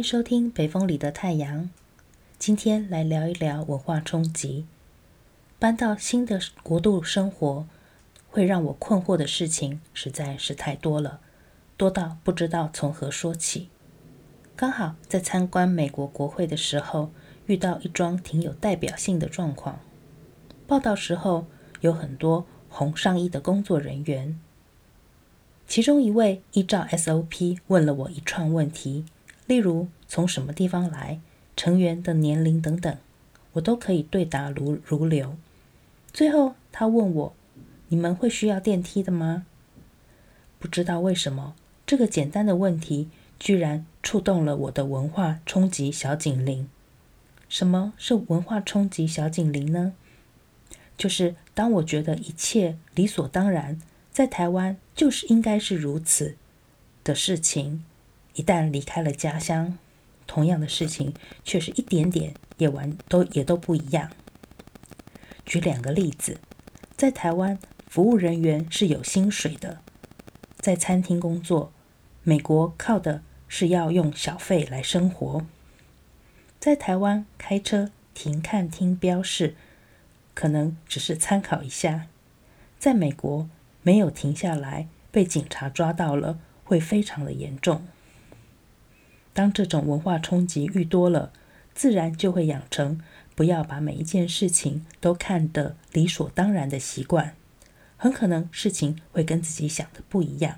歡迎收聽北風裡的太陽。今天來聊一聊文化衝擊。搬到新的國度生活，會讓我困惑的事情實在是太多了，多到不知道從何說起。剛好在參觀美國國會的時候，遇到一樁挺有代表性的狀況。報到時候有很多紅上衣的工作人員，其中一位依照 SOP 問了我一串問題。例如從什麼地方來、成員的年齡等等，我都可以對答如如流。最後他問我：“你們會需要電梯的嗎？”不知道為什麼，這個簡單的問題居然觸動了我的文化衝擊小警鈴。什麼是文化衝擊小警鈴呢？就是當我覺得一切理所當然，在台灣就是應該是如此的事情。一旦離開了家鄉，同樣的事情卻是一點點也完都也都不一樣。舉兩個例子，在台灣服務人員是有薪水的，在餐廳工作；美國靠的是要用小費來生活。在台灣開車停看聽標示，可能只是參考一下；在美國沒有停下來，被警察抓到了會非常的嚴重。當這種文化衝擊遇多了，自然就會養成不要把每一件事情都看得理所當然的習慣。很可能事情會跟自己想的不一樣。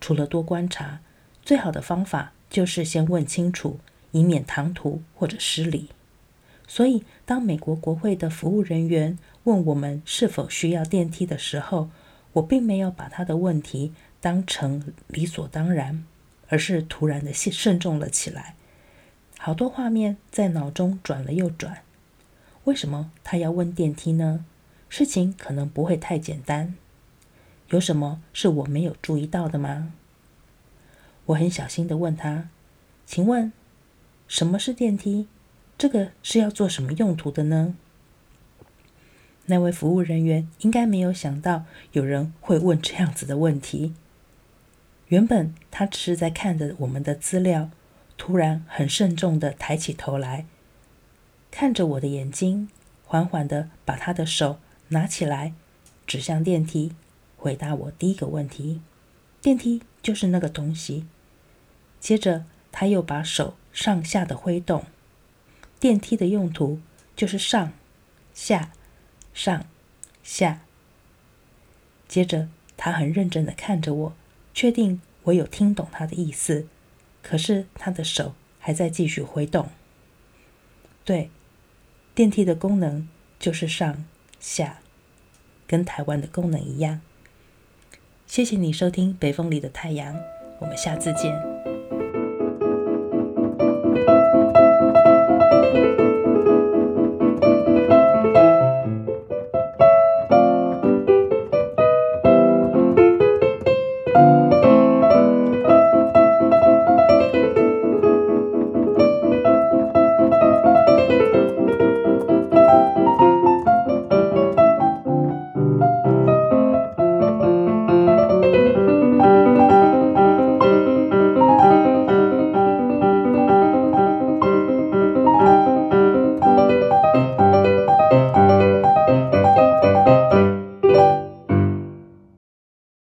除了多觀察，最好的方法就是先問清楚，以免唐突或者失禮。所以，當美國國會的服務人員問我們是否需要電梯的時候，我並沒有把他的問題當成理所當然。而是突然的慎慎重了起來，好多畫面在腦中轉了又轉。為什麼他要問電梯呢？事情可能不會太簡單。有什麼是我沒有注意到的嗎？我很小心的問他：“請問，什麼是電梯？這個是要做什麼用途的呢？”那位服務人員應該沒有想到有人會問這樣子的問題。原本他只是在看着我們的資料，突然很慎重的抬起頭來，看着我的眼睛，緩緩的把他的手拿起來，指向電梯，回答我第一個問題：電梯就是那個東西。接着他又把手上下的揮動，電梯的用途就是上、下、上、下。接着他很認真的看着我。確定我有聽懂他的意思，可是他的手還在繼續揮動。對，電梯的功能就是上下，跟台灣的功能一樣。謝謝你收聽《北風裡的太陽》，我們下次見。